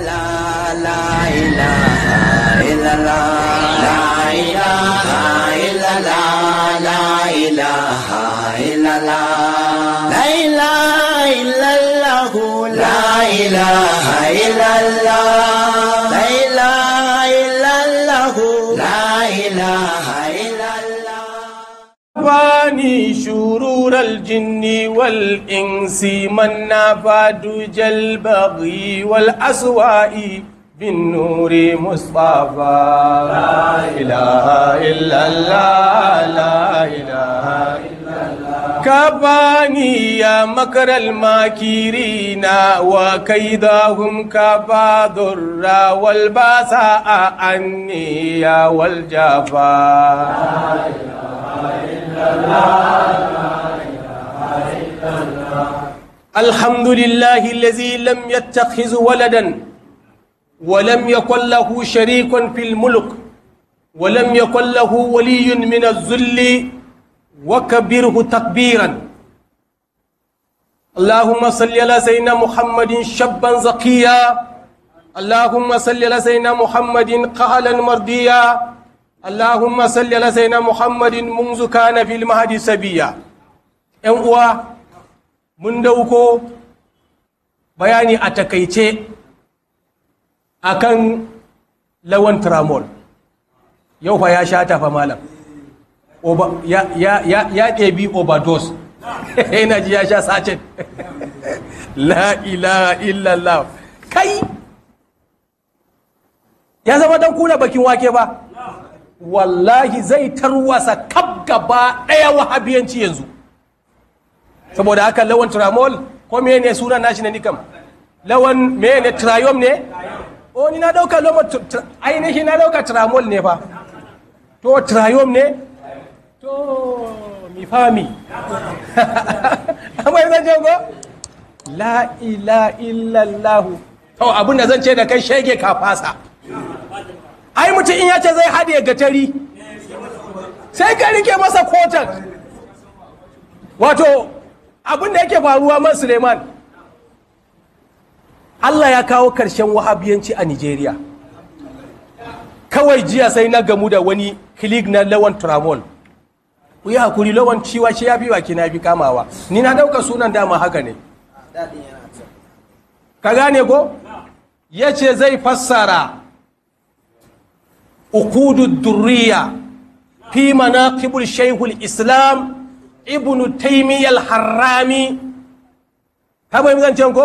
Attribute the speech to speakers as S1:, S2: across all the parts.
S1: لا لا إله إلا الله لا إله إلا الله لا إله إلا الله لا إله إلا الله لا إله إلا الله لا إله إلا الله شرور الجن والإنس من نافد جلبغي والأسواء بالنور مصطفى لا إله إلا الله لا إله إلا يا مكر الماكرين وكيدهم كابا ضر والباساء عني والجفا الحمد لله الذي لم يتخذ ولدا ولم يكن له شريك في الملك ولم يكن له ولي من الذل وكبره تكبيرا اللهم صل على سيدنا محمد شابا زكيا اللهم صل على سيدنا محمد قهلا مرضيا اللهم صل على سيدنا محمد منذ كان في المهد سبيا ان uwa mun dauko bayani a takaice akan lawan tramol yau fa ya sha tafa malam ya ɗebi overdose yana ji ya sha sacin la ilaha illallah kai ya zama dan kuna bakin wake ba wallahi zai tarwasa kaf gaba ɗaya wahabiyanci yanzu saboda haka lawan tramol ko me ne suna nashi ne nikam lawan me ne triom ne o na dauka lawan ainihi na dauka tramol ne fa to triom ne to mi fami amma zan ce ko la ila illallahu. to abin da zan ce da kai shege ka fasa ai mutum in ya ce zai hade tari. sai ka rike masa kotan wato abin da yake faruwa man suleiman allah ya kawo karshen wahabiyanci a nigeria kawai jiya sai na gamu da wani kilik na lawan tramol ku yi hakuri lawan ciwa shi ya fi wa na fi kamawa ni na dauka sunan dama haka ne ka gane ko ya ce zai fassara ukudu durriya fi kibul shaihul islam ibnu taimiyar harami. ka bai zancen ko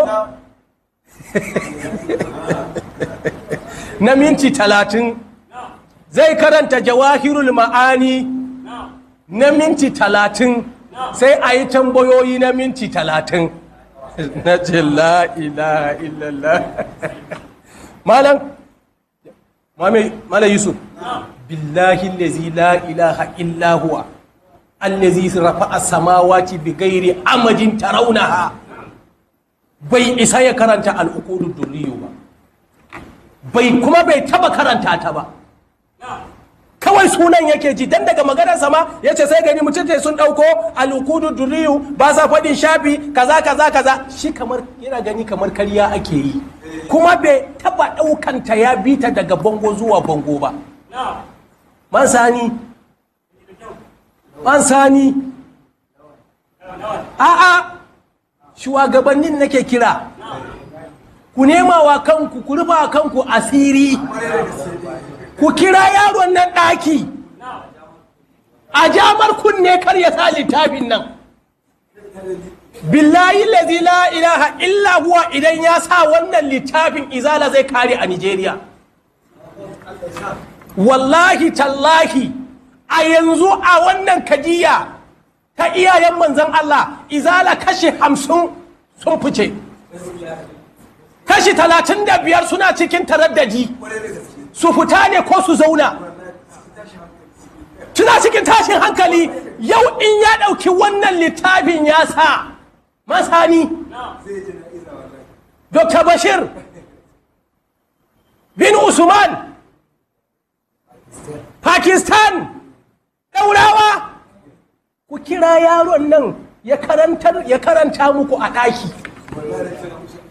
S1: na minti talatin zai karanta jawahirul ma'ani na minti talatin sai a yi tambayoyi na minti talatin na ce la'ila illallah malam malam yusuf billahi lazi la'ilaha illahuwa allazi rafa a samawati bi gairi amajin ha bai isa ya karanta al'ukudu duniyu ba bai kuma bai taba karanta ta ba kawai sunan yake ji dan daga maganar sama ce sai gani mutum sun dauko alukudu duriyu ba sa fadin shafi kaza kaza kaza shi kamar yana gani kamar karya ake yi kuma bai taba daukan ta ya bi ta daga bango zuwa bango ba man sani man sani a'a shugabannin nake kira ku nema wa kanku ku rufa kanku asiri ku kira yaron nan ɗaki a jamar kunne kar ya sa littafin nan billahi lazi la ilaha illa huwa idan ya sa wannan littafin izala zai kare a nigeria wallahi tallahi a yanzu a wannan kajiya ta iyayen manzan Allah izala kashi hamsin sun fice kashi talatin da biyar suna cikin taraddaji su fita ne ko su zauna tuna cikin tashin hankali yau in ya ɗauki wannan littafin ya sa masani dr bashir bin usman pakistan daurawa ku kira yaron nan ya karanta muku a ɗaki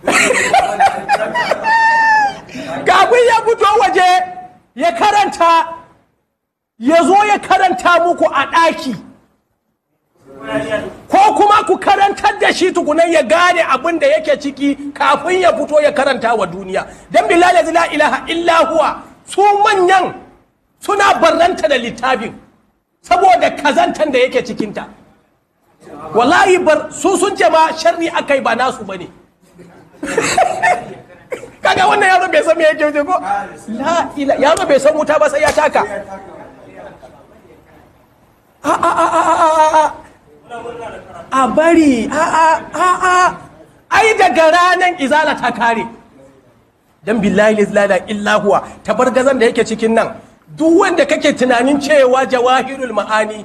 S1: gabin ya fito waje ya karanta ya zo ya karanta muku a ɗaki ko kuma ku karantar da shi tukunan ya gane abin da yake ciki kafin ya fito ya karanta wa duniya don bilal la ilaha illa huwa su manyan suna barranta da littafin saboda kazantan da yake cikinta wallahi bar su sun ce ma sharri akai ba nasu bane kaga wannan yaro bai san me yake wuce ko la ila yaro bai san wuta ba sai ya taka a a a a a bari a a a a ai daga ranar izala ta kare dan billahi la illa huwa tabargazan da yake cikin nan duk wanda kake tunanin cewa jawahirul ma'ani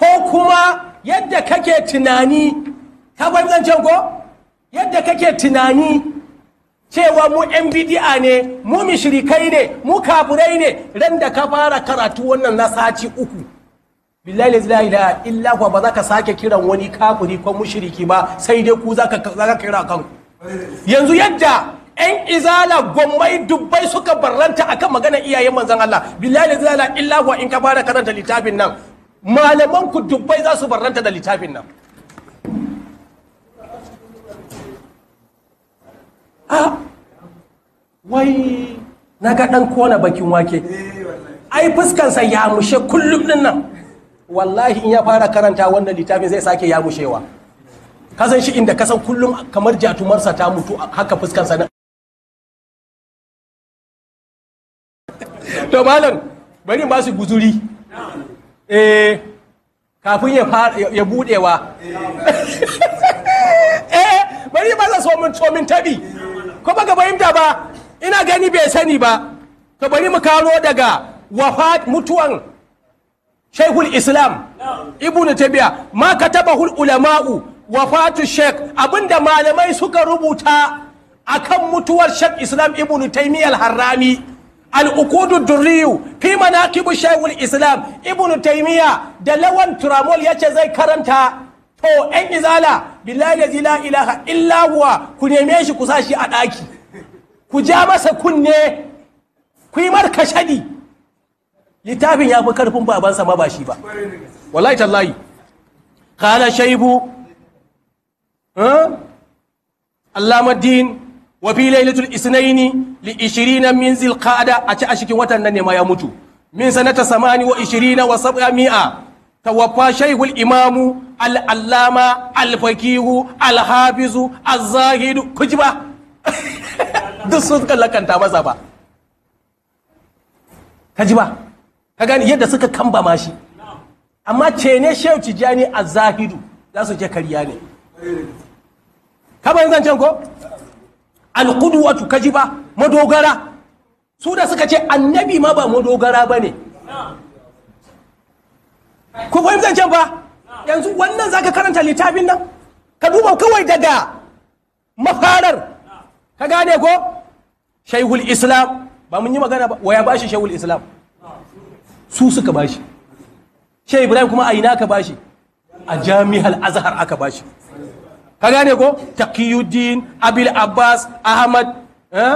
S1: ko kuma yadda kake tunani ta ko yadda kake tunani cewa mu yan bidi'a ne mu mishirikai ne mu kafurai ne ran da ka fara karatu wannan na sati uku billahi la ilaha illa ba za ka sake kiran wani kafuri ko mushiriki ba sai dai ku za ka kira kanku yanzu yadda yan izala gwammai dubbai suka barranta akan magana iyayen manzan Allah billahi la ilaha illa in ka fara karanta littafin nan malaman dubbai za su barranta da littafin nan a wai na ga ɗan kona bakin wake ai fuskansa ya mushe kullum ɗin nan wallahi in ya fara karanta wannan littafin zai sake ya mushewa kasan shi inda kasan kullum kamar jatumarsa ta mutu haka fuskansa na to malam bari ba su guzuri eh kafin ya ya budewa eh bari ba su so min tabi ko ba ka fahimta ba ina gani bai sani ba to bari mu karo daga wafat mutuwan shaikhul islam ibn tabiya ma katabahul ulama'u wafatu sheikh abinda malamai suka rubuta akan mutuwar sheikh islam ibn taymiyya harrami al-ukudu durriyu fi manaqibu shaykhul islam ibn taymiyyah da lawan turamol yace zai karanta to yan izala billahi la ilaha illa huwa ku neme shi ku sa shi a ɗaki ku ja masa kunne ku yi marka shaɗi littafin ya fi karfin babansa ma ba shi ba wallahi tallahi kala shaibu allamaddin wa fi lailatul isnaini li 20 min zilqada a ci a cikin watan nan ne ma ya mutu min sanata samani wa 20 wa sab'a mi'a توفى شيخ الإمام العلامة الفقيه الحافظ الزاهد كجبا duk sun lakanta masa ba ka ji ba ka gani yadda suka kambama ma shi amma ce ne shehu tijjani a zahidu za su je karya ne kamar zancen ko alkuduwatu ka ji ba madogara su da suka ce annabi ma ba madogara ba ne ku fahimtar can fa yanzu wannan zaka karanta littafin nan ka duba kawai daga mafarar ka gane ko shaihul islam ba mun yi magana ba waya bashi shaihul islam su suka bashi shehu ibrahim kuma a ina ka bashi a jami'al azhar aka bashi ka gane ko taqiyuddin abil abbas ahmad eh?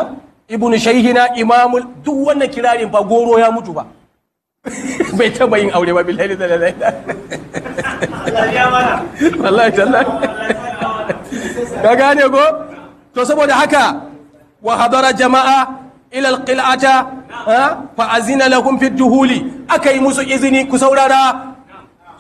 S1: ibn shaihina imamul duk wannan kirarin ba goro ya mutu ba bai taba yin aure ba billahi da lalai wallahi ka gane ko to saboda haka wa hadara jama'a ila alqil'ata fa azina lahum fi duhuli akai musu izini ku saurara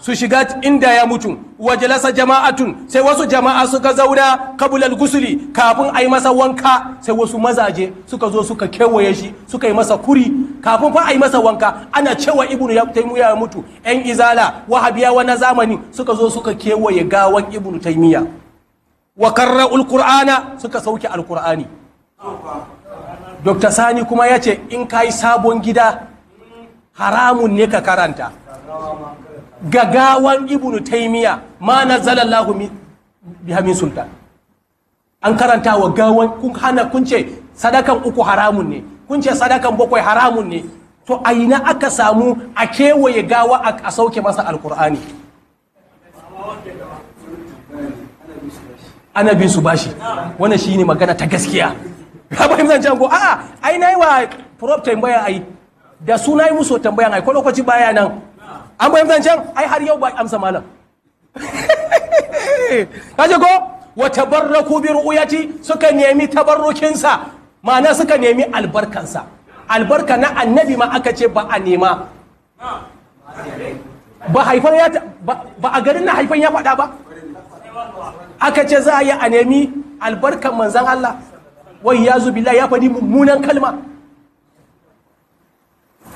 S1: su shiga inda ya mutu wa jalasa jama'atun sai wasu jama'a suka zauna kabulal gusuli kafin a yi masa wanka sai wasu mazaje suka zo suka kewaye shi suka yi masa kuri kafin fa a yi masa wanka ana cewa ibnu ya taymiya ya mutu yan izala wahabiyawa na zamani suka zo suka kewaye gawan ibnu taimiyya. wa karra alqur'ana suka sauke alqur'ani Dr. Sani kuma ya ce in ka sabon gida haramun ne ka karanta. gagawan ibnu taimiya ma na zalallahu bi hamin sultan an karanta wa gawan kun hana kun ce sadakan uku haramun ne kun ce sadakan bakwai haramun ne to a ina aka samu a kewaye gawa a sauke masa alkur'ani ana bin su bashi wannan shine magana ta gaskiya ka fahimta can ko a'a ai nayi wa prop tambaya ai da su nayi musu tambayan ai ko lokaci baya nan an bayan zancen ai har yau ba amsa malam kaje ko wa tabarraku bi ru'yati suka nemi tabarrukinsa ma'ana suka nemi albarkansa albarka na annabi ma aka ce ba a nema ba haifan ya ba a garin na haifan ya faɗa ba aka ce za a yi a nemi albarkan manzan Allah wai ya zubi ya faɗi mummunan kalma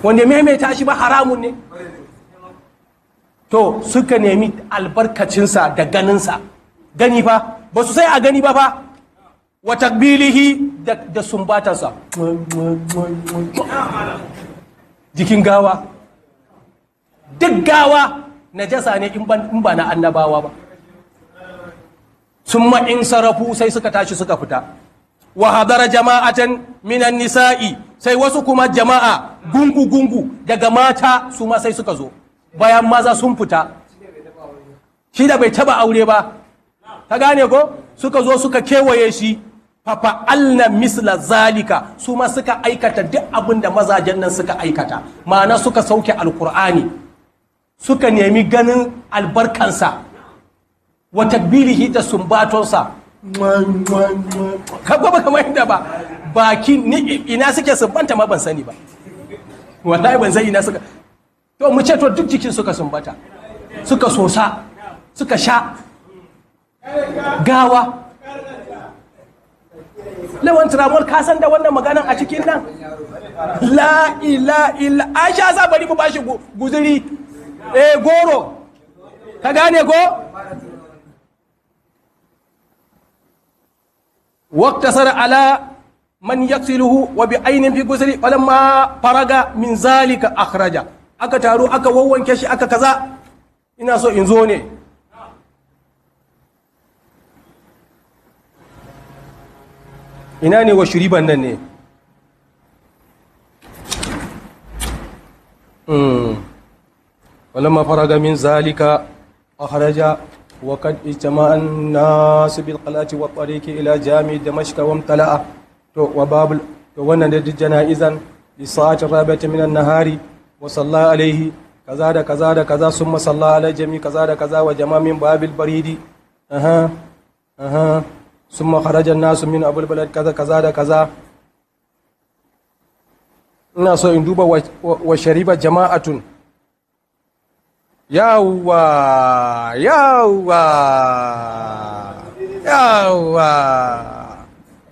S1: wanda maimaita shi ba haramun ne to suka nemi albarkacinsa da ganinsa gani fa ba su sai a gani ba fa wa takbilihi da sumbatarsa jikin gawa duk gawa na jasa ne in ba na annabawa ba sun in sarrafu sai suka tashi suka fita wa hadara jama'atan minan nisa'i sai wasu kuma jama'a gungu gungu daga mata su ma sai suka zo bayan maza sun fita shi da bai taba aure ba ta gane ko suka zo suka kewaye shi alna misla zalika su ma suka aikata duk abin da mazajen nan suka aikata ma'ana suka sauke alkur'ani suka nemi ganin albarkansa wa takbilihi da sumbatonsa kaba ba kamar yadda ba baki ina suke sumbanta ma ban sani ba wallahi ban sani ina suka to mu ce to duk jikin suka sumbata suka sosa suka sha gawa lawan tramol ka san da wannan maganan a cikin nan la ila ila aisha za bari mu bashi guzuri e goro ka gane go واقتصر على من يقتله وبعين في قسر فلما فرغ من ذلك أخرجه aka taru aka wawwanke shi aka kaza ina so in zo ne ina ne wa shuriban nan ne hmm. walamma faraga min zalika akharaja wa kad ijtama'an nas bil qalati wa tariq ila jami da wa mtala'a da wa babul wannan da dijjana izan li sa'at rabata min an-nahari wa alaihi kaza da kaza da kaza sun masalla alai jami kaza da kaza wa jamamin babil baridi aha aha sun makarajar nasu min abul balad kaza kaza da kaza ina so in duba wa shariba jama'atun yawwa yawwa yawwa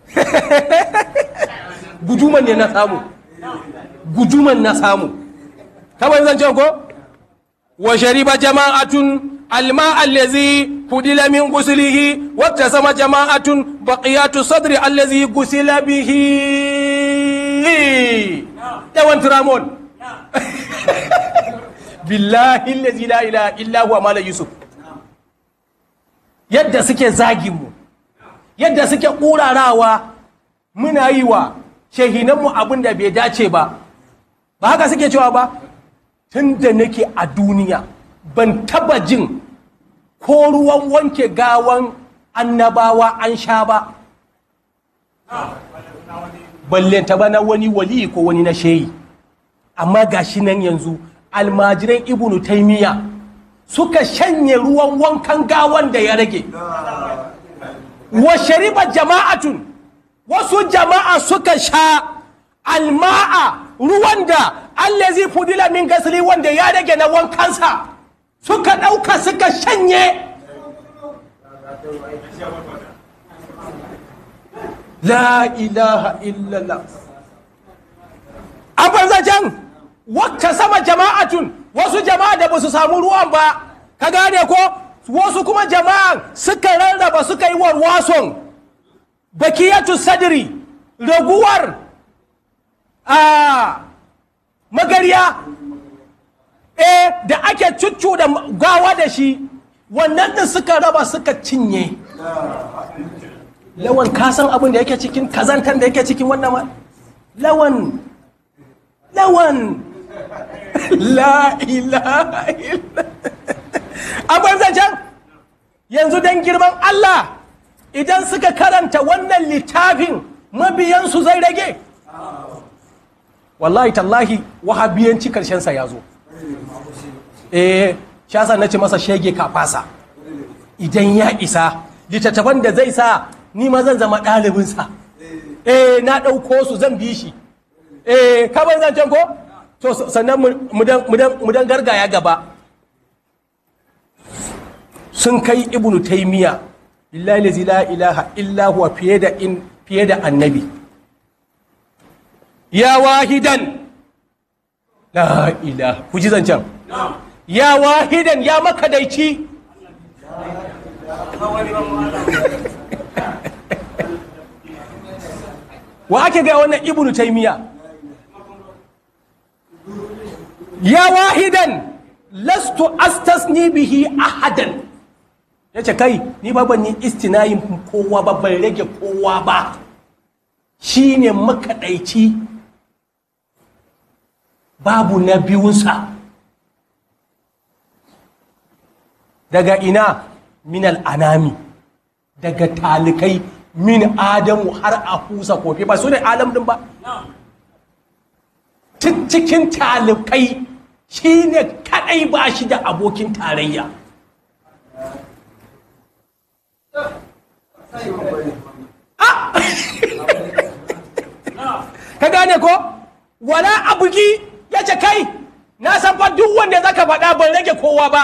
S1: guduman ne na samu guduman na samu kawai zan ce ko wa shariba jama'atun alma allazi kudila min guslihi wata sama jama'atun baqiyatu sadri allazi gusila bihi yawan tramon billahi allazi la ilaha illa huwa yusuf yadda suke zagin mu yadda suke ƙurarawa muna yi wa shahinanmu abin da bai dace ba ba haka suke cewa ba tun da nake a duniya ban taba jin ko ruwan wanke gawan annabawa an sha ba balle ba na wani wali ko wani na sheyi amma gashi nan yanzu almajiran ibnu miya suka shanye ruwan wankan gawan da ya rage wa shariba jama'atun wasu jama'a suka sha alma'a ruwan da allazi fudila min gasli wanda ya rage na wankansa suka ɗauka suka shanye la ilaha illallah an banza can wakka sama jama'atun wasu jama'a da ba su samu ruwan ba ka gane ko wasu kuma jama'an suka rarraba suka yi warwason bakiyatu sadri raguwar a ah, Magariya? eh da ake cuccu da gawa da shi wannan din suka raba suka cinye lawan kasan abin da yake cikin kazantan da yake cikin wannan ma lawan lawan la ilaha illa abin can yanzu don girman Allah idan suka karanta wannan littafin mabiyansu zai rage wallahi tallahi wahabiyanci karshen sa ya zo eh shasa na ce masa shege kafasa idan ya isa littattafan da zai sa ni ma zan zama ɗalibinsa eh na ɗauko su zan bi shi eh ka ban zancen ko to sannan mu dan gargaya gaba sun kai ibnu taimiya lillahi la ilaha illa huwa fiye da annabi ya wahidan la ila ku ji zancen ya wahidan ya makadaici wa ake ga wannan ibnu taymiya ya wahidan lastu astasni bihi ahadan ya ce kai ni ba ni istinayin kowa ba ban rage kowa ba shine makaɗaici babu na biyunsa daga ina minal anami daga talikai min adamu har a husa kofi ba su ne alam din ba cikin talikai shi ne kadai ba shi da abokin tarayya ah! ka gane ko wala abuki ya ce kai na san fa duk wanda zaka faɗa ban rage kowa ba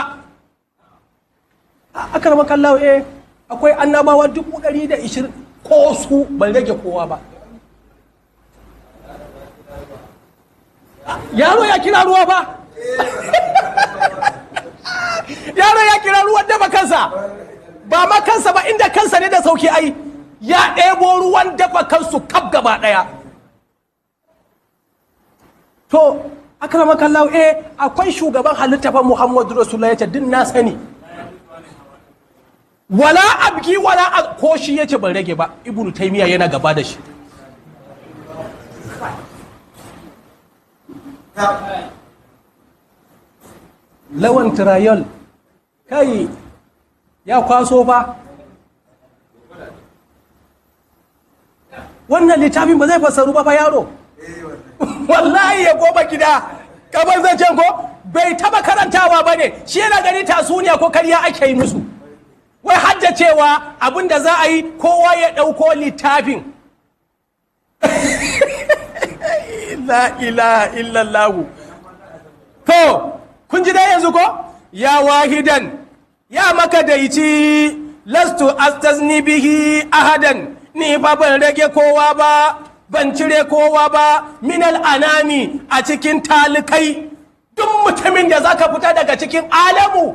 S1: akar makallawo eh akwai annabawa dubu ɗari da ishirin ko su ban rage kowa ba yaro ya kira ruwa ba yaro ya kira ruwan ba kansa ba ma kansa ba inda kansa ne da sauki ai ya ɗebo ruwan dafa kansu kaf gaba ɗaya to akrama kallahu eh akwai shugaban halitta fa muhammadu rasulullah yace din na sani wala abki wala ko shi yace ban rage ba ibnu taymiya yana gaba da shi lawan trial kai ya kwaso ba wannan littafin ba zai fasaru ba fa yaro wallahi ya goba gida kamar zai ce ko bai taba karantawa ba ne shi yana gani tasuniya ko karya ake yi musu wai haddacewa abin da za a yi kowa ya ɗauko littafin la ilaha illallahu to kun ji dai yanzu ko ya wahidan ya maka daici lastu astazni bihi ahadan ni ba ban rage kowa ba ban cire kowa ba minal anami a cikin talikai duk mutumin da zaka fita daga cikin alamu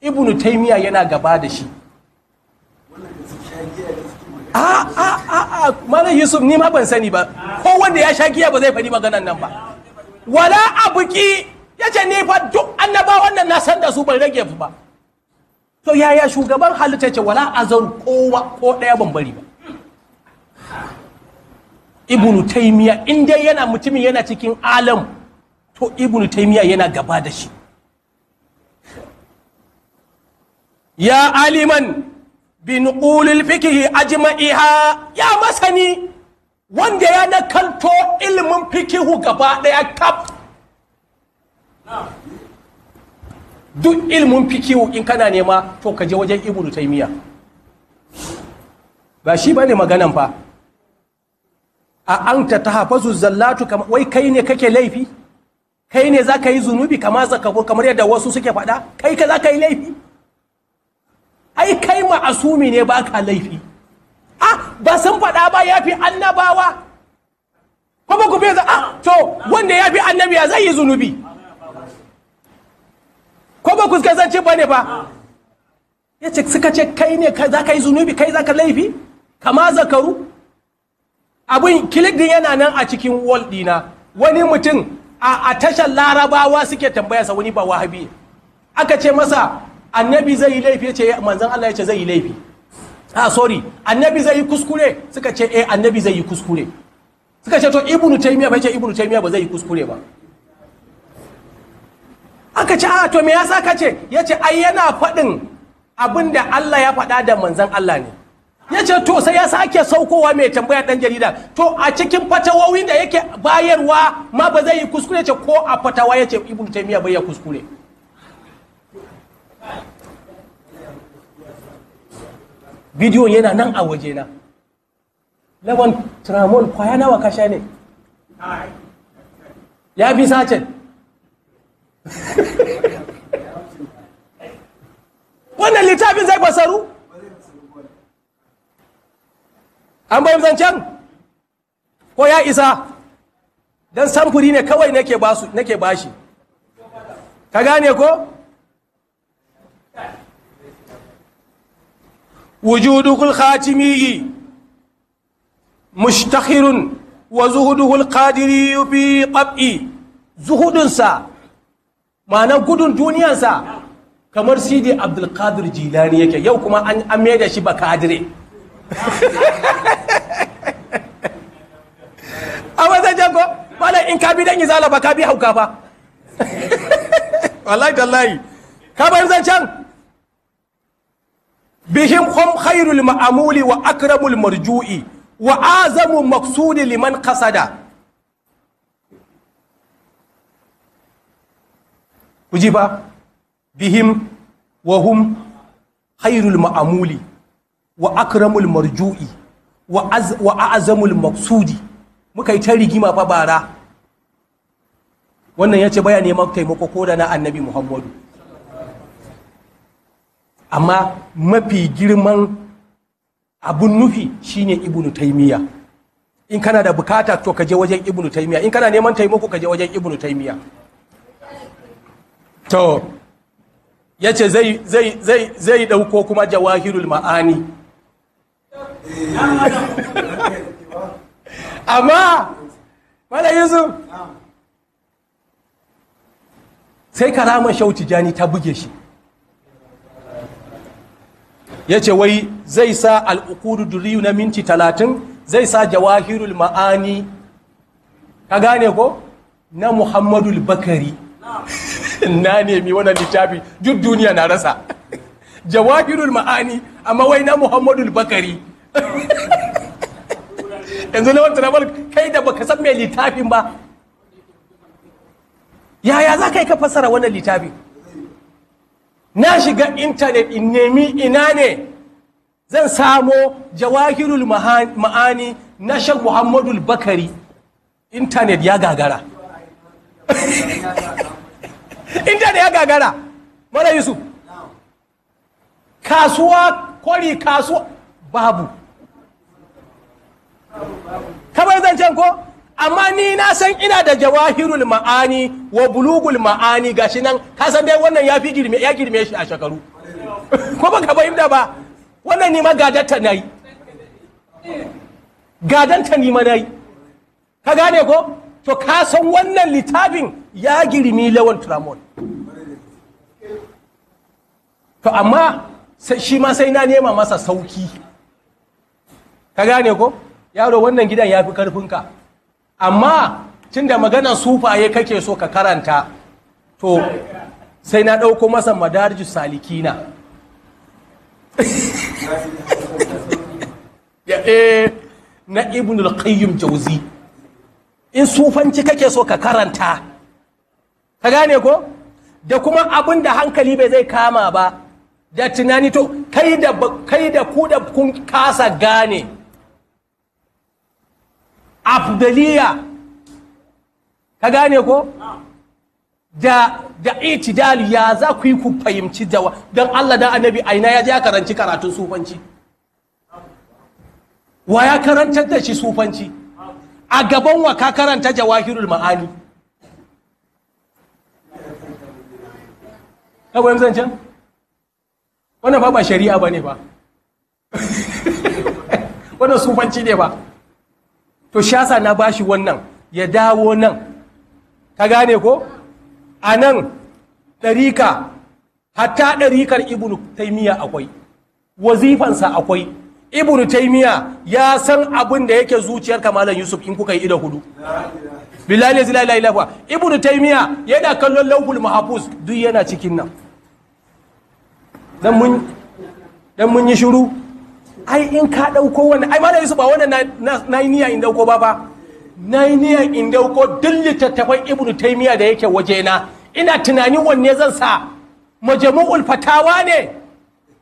S1: ibnu taimiya yana gaba da shi a a a a malam yusuf ni ma ban sani ba ko wanda ya sha giya ba zai faɗi maganan nan ba wala abuki ya ce ni fa duk annabawan nan na san da su ban rage ba to yaya shugaban halitta ce wala zan kowa ko ɗaya ban bari ba ibnu taimiya in dai yana mutumin yana cikin alam to ibnu taimiya yana gaba da shi ya aliman bin ƙulil fikihi ajma'iha ya masani wanda ya na kanto ilimin fikihu gaba daya kaf duk ilimin fikihu in kana nema to kaje je wajen ibnu taimiya ba shi ba ne maganan fa a an ta tahafazu zallatu kama wai kai ne kake laifi kai ne za ka yi zunubi kama kamar yadda wasu suke faɗa kai ka za ka yi laifi ai kai ma'asumi ne ba ka laifi ah ba sun faɗa ba ya fi annabawa kuma ku fesa ah to wanda ya fi annabi ya zai yi zunubi ko ku ku kasance ba ne ba ya ce suka ce kai ne za ka yi zunubi kai za ka laifi kama zakaru abin click din yana nan a cikin wall dina wani mutum a tashar larabawa suke tambayarsa wani ba wahabi aka ce masa annabi zai yi laifi ce eh, manzan Allah ya ce zai yi laifi ha ah, sorry annabi zai yi kuskure suka ce eh annabi zai yi kuskure suka ce to ibnu taymiya bai ce ibnu taymiya ba zai yi kuskure ba aka ce a ah, to me yasa ka ce yace ai yana faɗin abinda Allah ya faɗa da manzan Allah ne ya ce to sai ya sake saukowa mai tambaya dan jarida to a cikin fatawawin da yake bayarwa ma ba zai yi kuskure ce ko a fatawa ya ce ibn taymiya bai ya kuskure bidiyon yana nan a waje na lawan tramon kwaya nawa kasha ne ya bi sacin wannan littafin zai basaru an bayan zancen ko ya isa don samfuri ne kawai nake shi ka gane ko wujudukul khatimiyi mushtakhirun wa zuhudukul qadiri fi qab'i zuhudunsa ma'ana gudun duniyansa kamar sidi abdulkadir jilani yake yau kuma an da shi ba kadire Wala in ka bi dan izala ba ka bi hauka fa wallahi tallahi ka bar can? bihim hum khairul ma'amuli wa akramul marju'i wa azamu maqsudi liman qasada kuji ba bihim wa hum khairul ma'amuli wa akramul marju'i wa azamul maqsudi muka yi can rigima fa bara wannan ya ce baya neman taimako ko da na annabi muhammadu amma mafi girman abun nufi shine ibnu taimiyya in kana da bukata to kaje wajen ibnu taimiyya in kana neman taimako kaje wajen ibnu taimiyya to ya ce zai dauko kuma jawahirul ma'ani amma mala yanzu sai karamar shauti jani ta buge shi ya ce wai zai sa al'ukudu duriyu na minti talatin zai sa jawahirul ma'ani ka gane ko na Muhammadu bakari na nemi wannan littafi duk duniya na rasa jawahirul ma'ani amma wai na Muhammadu bakari yanzu na wata rabar kai da baka san mai littafin ba yaya za ka yi ka fassara wannan littafin na shiga intanet in nemi ina ne zan samo jawahirul ma'ani na shan Muhammadu bakari intanet ya gagara intanet ya gagara mara yusuf kasuwa kori kasuwa babu kamar zancen ko amma ni na san ina da jawahirul ma'ani wa bulugul ma'ani gashi nan ka san dai wannan ya fi girme ya girme shi a shekaru ko ba ka fahimta ba wannan ni ma gadanta nayi gadanta ni ma nayi ka gane ko to ka san wannan littafin ya girmi lawan tramon to amma shi ma sai na nema masa sauki ka gane ko yaro wannan gidan ya fi karfinka amma tun da maganar sufaye kake so ka karanta to sai na ɗauko masa madarju salikina ya eh, na ibn al-qayyim jauzi in sufanci kake so ka karanta ka gane ko da kuma abin da hankali bai zai kama ba da tunani to kai da ku da kun kasa gane afdaliya ka gane ko da da itidal ya za ku yi ku fahimci da don Allah da annabi aina ya je ya karanci karatun sufanci wa ya karantar da shi sufanci a gaban wa ka karanta jawahirul ma'ani kawai zancen wannan ba ba shari'a ba ba wannan sufanci ne ba to shasa na bashi wannan ya dawo nan ka gane ko a nan ɗarika hatta ɗarikar ibnu Taimiyya akwai wazifansa akwai ibnu Taimiyya ya san abin da yake zuciyar kamalan yusuf in kuka yi ido hudu bilali zila ila ila ibnu taimiyya yana kallon lauhul mahfuz duk yana cikin nan dan mun yi shiru ai in ka ɗauko wannan ai malam yusuf ba wannan na yi niyan in ɗauko ba ba na yi niyan in ɗauko duk littattafan ibnu taimiya da yake waje na ina tunanin wanne zan sa majmu'ul fatawa ne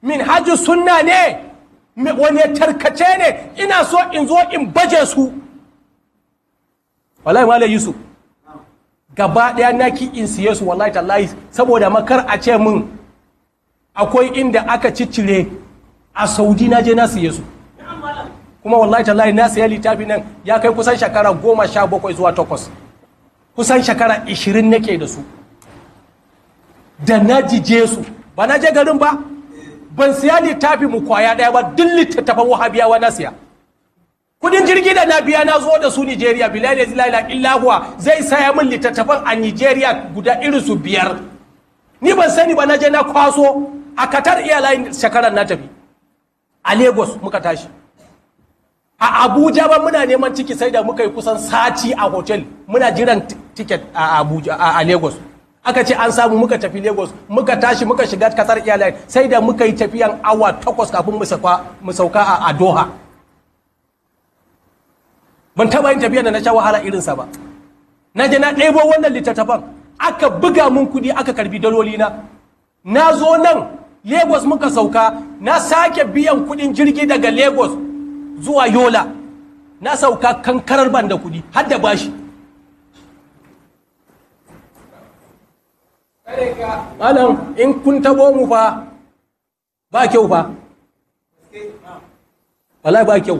S1: min hajji sunna ne wani tarkace ne ina so in zo in baje su wallahi malam yusuf gaba ɗaya na ki in siye su wallahi tallahi saboda makar a ce min akwai inda aka ciccire a saudi na je na siye su kuma wallahi tallahi na siya littafi nan ya kai kusan shekara goma sha bakwai zuwa takwas kusan shekara ishirin nake da su da na jije su ba na je garin ba ban siya littafi mu kwaya daya ba duk littattafan wahabiyawa na siya kudin jirgi da na biya na zo da su nigeria bilal zilala illahuwa zai saya min littattafan a nigeria guda irin su biyar ni ban sani ba na je na kwaso a katar airline shekarar na tafi a lagos muka tashi a abuja ba muna neman ciki sai da muka yi kusan sati a hotel muna jiran ticket a abuja a lagos aka ce an samu muka tafi lagos muka tashi muka shiga kasar airline sai da muka yi tafiyan awa takwas kafin mu sauka a doha ban taba yin tafiya da na sha wahala irinsa ba na je na ɗebo wannan littattafan aka buga mun kuɗi aka karbi daloli na na zo nan lagos muka sauka na sake biyan kudin jirgi daga lagos zuwa yola na sauka kankarar ban da kudi har da bashi malam in kun tabo mu fa ba kyau fa wallahi ba kyau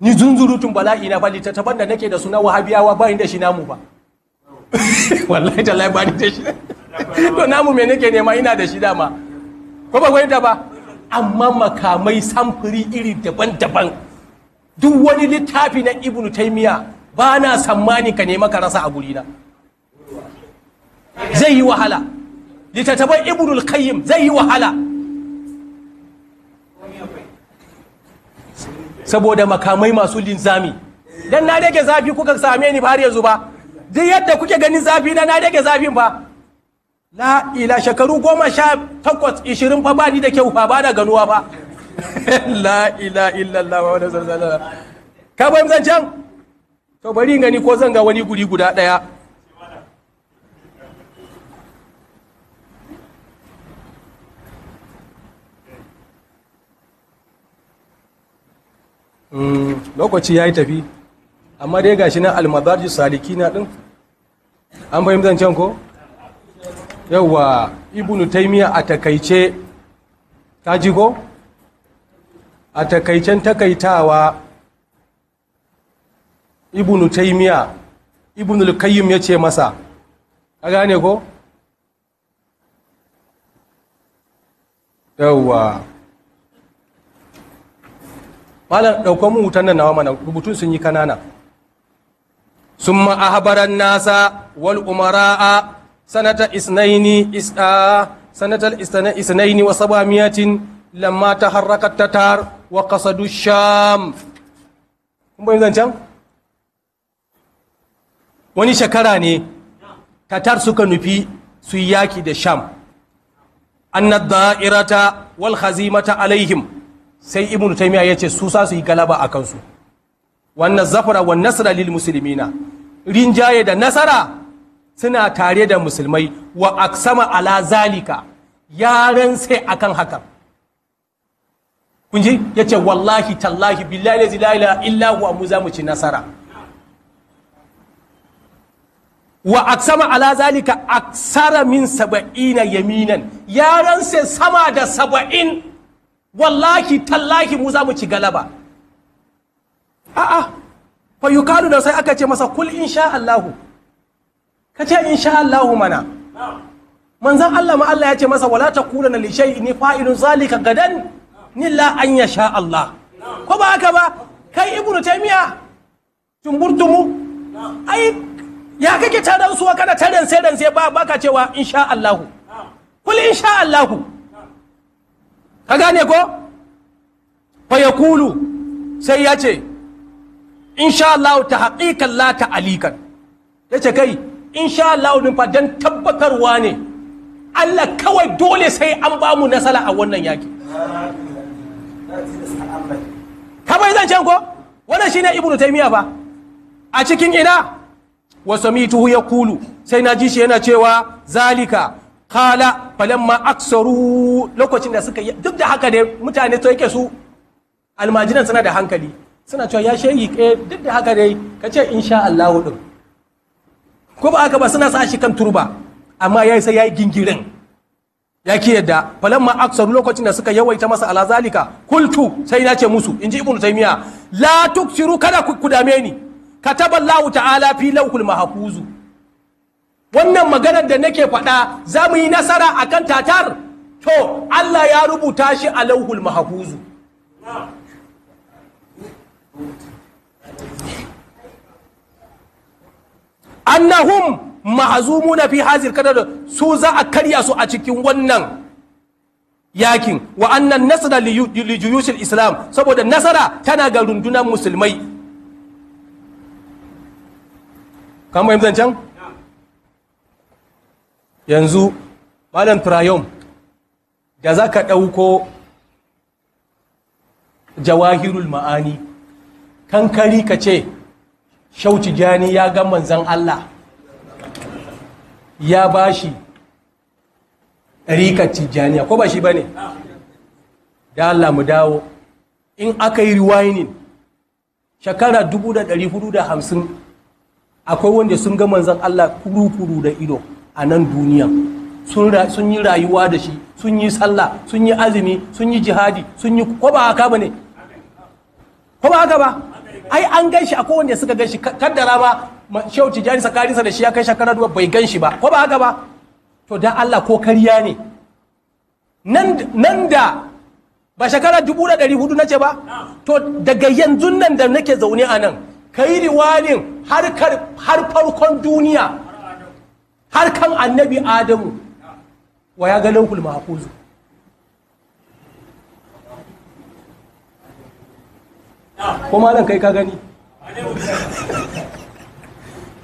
S1: ni zunzurutun bala'i na bali ta taban da nake da suna wahabiyawa ba inda shi namu ba wallahi tallahi ba ni da shi to namu me nake nema ina da shi dama ko ba fahimta ba amma makamai samfuri iri daban-daban duk wani littafi na ibn miya ba na sammani ka nema ka rasa a gurina zai yi wahala littattafan ibn al zai yi wahala saboda makamai masu linzami dan na rage zafi kuka same ni har yanzu ba duk yadda kuke ganin zafi na na rage zafin ba la ila shekaru goma sha takwas ishirin fa ba ni da kyau fa ba da ganuwa ba. la ila illallah wa wani ka bai zancen to bari gani ko zan ga wani guri guda daya hmm, lokaci ya yi tafi amma dai gashi na almadarji salikina din an zan zancen ko Yawwa, ibnu taimiya a takaice ta jigo a takaicen takaitawa ibnu taimiya ibnu lukayyim ya ce masa a gane ko Yawwa, malar ɗaukon mutan wutan nan nawa mana rubutun sun yi kanana sun ma'ahabaran nasa wal umara'a sanata isnaini is'a sanata isnaini wa sabamiyatin lamma taharrakat tatar wa qasadu sham kun bayin zancan wani shekara ne tatar suka nufi su yaki da sham anna da'irata wal hazimata alaihim sai ibnu taymiya yace su sa su yi galaba a kansu wannan zafara wa nasra lil muslimina rinjaye da nasara suna tare da musulmai wa aksama ala zalika yaran sai akan hakan kun ji yace wallahi tallahi billahi la ilaha illa huwa mu za mu ci nasara wa aksama ala zalika aksara min saba'ina yaminan yaran sai sama da saba'in wallahi tallahi mu za mu ci galaba a'a fa yukalu da sai aka ce masa kul insha Allahu ka ce insha Allahu mana manzon Allah ma Allah ya ce masa wala na li ni fa'ilun zalika gadan nilla an sha Allah ko ba haka ba kai ibnu taimiya tumburtumu ai ya kake su wa kana tare sai dan sai ba baka cewa insha Allahu kul ka gane ko fa yaqulu sai ya ce ta haƙiƙan lata la Ya yace kai insha Allah din fa dan tabbatarwa ne Allah kawai dole sai an ba mu nasara a wannan yaki kamar zan can ko wannan shine ibnu taymiya fa a cikin ina wa ya kulu, sai na ji shi yana cewa zalika kala falamma aksaru lokacin da suka duk da haka dai mutane to yake su almajiran suna da hankali suna cewa ya shehi eh, duk da haka dai kace insha Allah din ko ba aka ba suna sa shi kan turba amma yayi sai yayi gingirin ya ke yadda ma aksaru lokacin da suka yawaita masa alazalika, kultu sai na ce musu In ji ibn taymiya la tuksiru kada ku dame ni kataba allah ta'ala fi lawhul mahfuzu wannan maganar da nake faɗa za mu yi nasara akan tatar to allah ya rubuta shi a lawhul mahfuzu annahum na fi hazir kadar su za a karya su a cikin wannan yakin wa annan nasara li juyushil islam saboda nasara tana ga rundunar musulmai kan bayan zancen yanzu malam trayom da za ka ɗauko jawahirul ma'ani kankari ka ce shauci jani ya ga manzan Allah ya ba shi rikar ko ba shi ba ne da Allah mu dawo in aka yi riwayinin shekara 1450 akwai wanda sun ga manzan Allah kuru-kuru da ido a nan duniya sun yi rayuwa da shi sun yi sallah sun yi azumi sun yi jihadi sun yi ko ba haka ba ne ko ba haka ba ai an gan shi akwai wanda suka gan shi kaddara ma shehu tijani sakarinsa da shi ya kai shakarar duwa bai gan shi ba ko ba haka ba to dan Allah ko kariya ne nan da ba shekara dubu da ɗari hudu nace ba to daga yanzu nan da nake zaune a nan ka yi riwanin har farkon duniya har kan annabi adamu wa ya ga lankul mahakuzu ko malam kai ka gani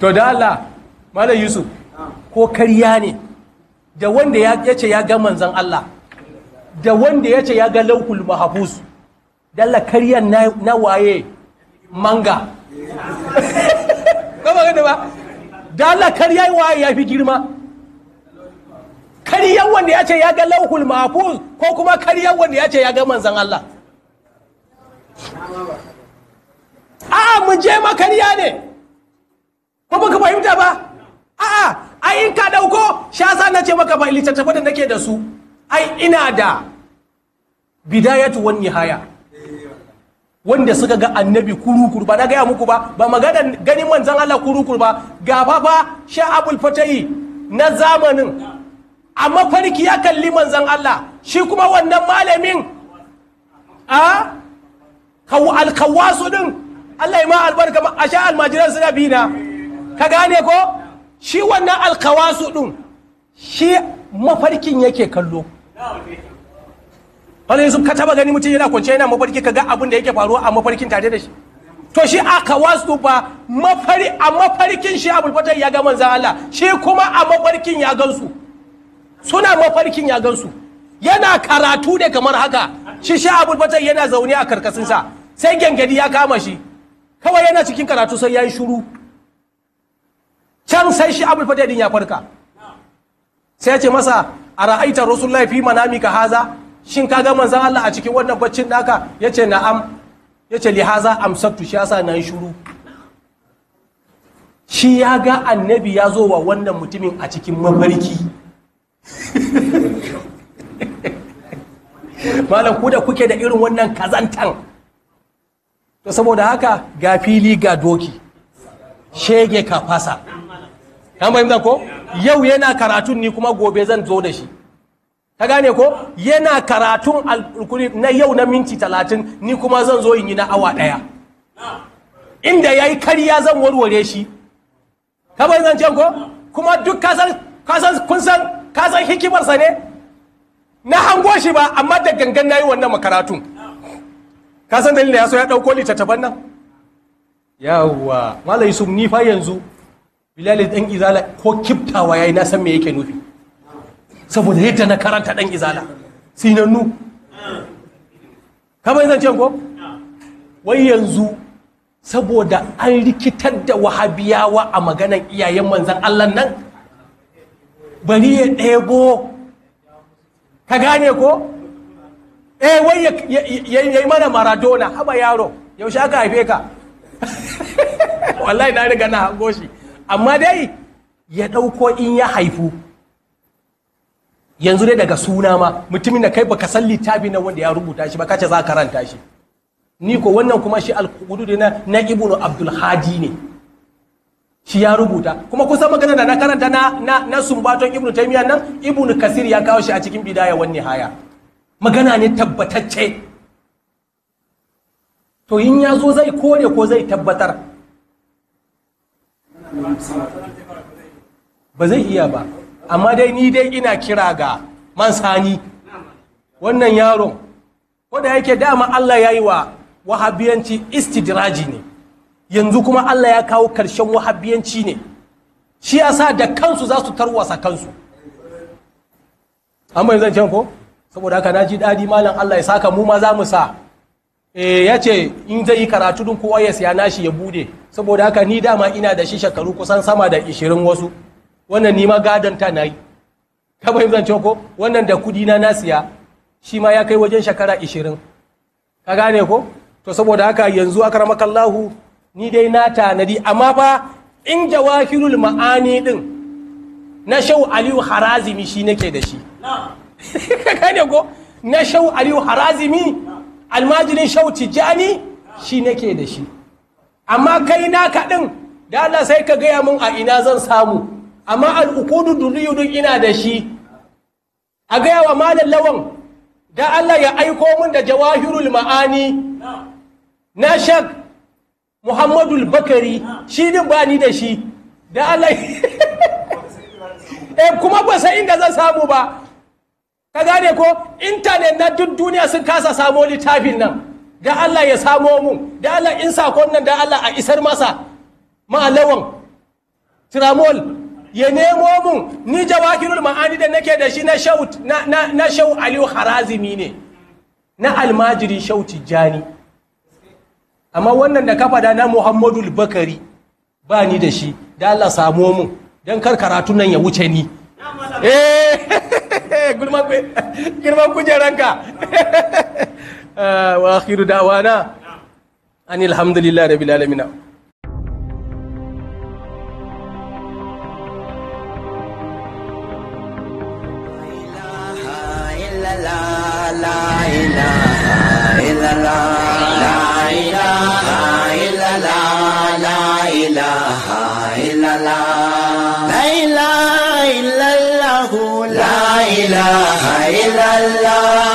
S1: to da Allah malam Yusuf ko kariya ne da wanda ya ce ya ga manzan Allah da wanda ya ce ya ga laukul mahafuz dalla kariya na waye manga gaba gada ba dalla kariya waye ya fi girma kariyan wanda ya ce ya ga laukul mahabus ko kuma kariyan wanda ya ce ya ga manzan Allah a'a mu je makarya ne ko baka fahimta ba a'a ai in ka dauko shasa na ce maka ba littattafa da nake da su ai ina da bidayatu wan nihaya wanda suka ga annabi kurukuru ba na gaya muku ba ba magana ganin manzan Allah kurukuru ba ga ba, sha abul fatayi na zamanin Amma mafarki ya kalli manzan Allah shi kuma wannan malamin a alkawasu din Allah ya ma albarka a sha almajiran suna bi na ka gane ko shi wannan alkawasu din shi mafarkin yake kallo wani yanzu ka taba gani mutum yana kwance yana mafarki ka ga abin da yake faruwa a mafarkin tare da shi to shi aka wasu ba mafari a mafarkin shi abul fatai ya ga manzan Allah shi kuma a mafarkin ya gansu suna mafarkin ya gansu yana karatu ne kamar haka shi shi abul fatai yana zaune a karkasinsa sai gengedi ya kama shi kawai yana cikin karatu sai ya yi shuru can sai shi abul ya farka sai ya ce masa a ra'aita rasulullahi fi manami ka haza shin ka ga zan Allah a cikin wannan baccin naka ce na'am yace lihaza haza amsaktu shi yasa yi shuru shi ya ga annabi ya zo wa wannan mutumin a cikin mafarki malam ku da kuke da irin wannan kazantan to saboda haka ga fili ga doki shege ka fasa kan fahimta ko yau yana karatun ni kuma gobe zan zo da shi ka gane ko yana karatun alkuri na yau na minti talatin ni kuma zan zo in yi na awa ɗaya inda ya yi karya zan warware shi ka fahimta can ko kuma duk kasan kun san kasan hikimarsa ne na hango shi ba amma da gangan na yi wannan makaratun ka san dalilin da ya so ya ɗauko littattafan nan yawwa malam yusuf ni fa yanzu bilal dan izala ko kiftawa yayi na san me yake nufi saboda yadda na karanta dan izala sinannu kamar zan ce ko wai yanzu saboda an rikitar da wahabiyawa a maganan iyayen manzan Allah nan bari ya ɗebo ka gane ko eh wai ya yi mana maradona haba yaro yaushe aka haife ka wallahi na riga na hango shi amma dai ya ɗauko in ya haifu yanzu dai daga suna ma mutumin da kai baka san littafi na wanda ya rubuta shi ba kace za karanta shi ni ko wannan kuma shi alkudu na na ibnu abdul hadi ne shi ya rubuta kuma kusan magana da na karanta na na, sumbaton ibnu taymiya nan ibnu kasir ya kawo shi a cikin bidaya wani haya magana ne tabbatacce to yin ya zo zai kore ko zai tabbatar ba zai iya ba amma dai ni dai ina kira ga man sani. wannan yaron wanda yake dama Allah ya yi wa wahabiyanci istidiraji ne yanzu kuma Allah ya kawo karshen wahabiyanci ne shi yasa da kansu za su tarwasa kansu an zan zancen ko? saboda haka na ji daɗi malam Allah ya saka mu ma za mu sa eh, ya ce in zai yi karatu din kowa ya siya nashi ya bude saboda haka ni dama ina da shi shekaru kusan sama da ishirin wasu wannan ni ma gadon ta na yi ka fahimtar ko wannan da kudi na na siya shi ma ya kai wajen shekara ishirin ka gane ko to saboda haka yanzu akramakallahu ni dai na tanadi amma fa in jawahirul ma'ani din na shau aliyu harazimi shi nake da shi ka ko na shau aliyu harazimi almajirin shau tijjani shi nake da shi amma kai na kaɗin, da Allah sai ka gaya mun a ina zan samu amma al'ukudu duk ina da shi a gaya wa malam lawan da Allah ya aiko mun da jawahirul ma'ani na shak muhammadul bakari shi din ba ni da shi da Allah eh, kuma ba sai inda zan samu ba ka gane ko intanet na duk duniya sun kasa samo littafin nan da Allah ya samo mu da Allah in sakon nan da Allah a isar masa ma'alawan tramol ya nemo mun ni jawakirul ma'ani da nake da shi na shaut na shau aliyu harazimi ne na almajiri shauti jani amma wannan da kafa da na muhammadu bakari ba ni da shi da Allah samo mun dan kar karatu nan ya wuce ni eh Eh, girman kujeranka eh, wa akhiru da'wana anil hamdulillahi rabbil alamin Allah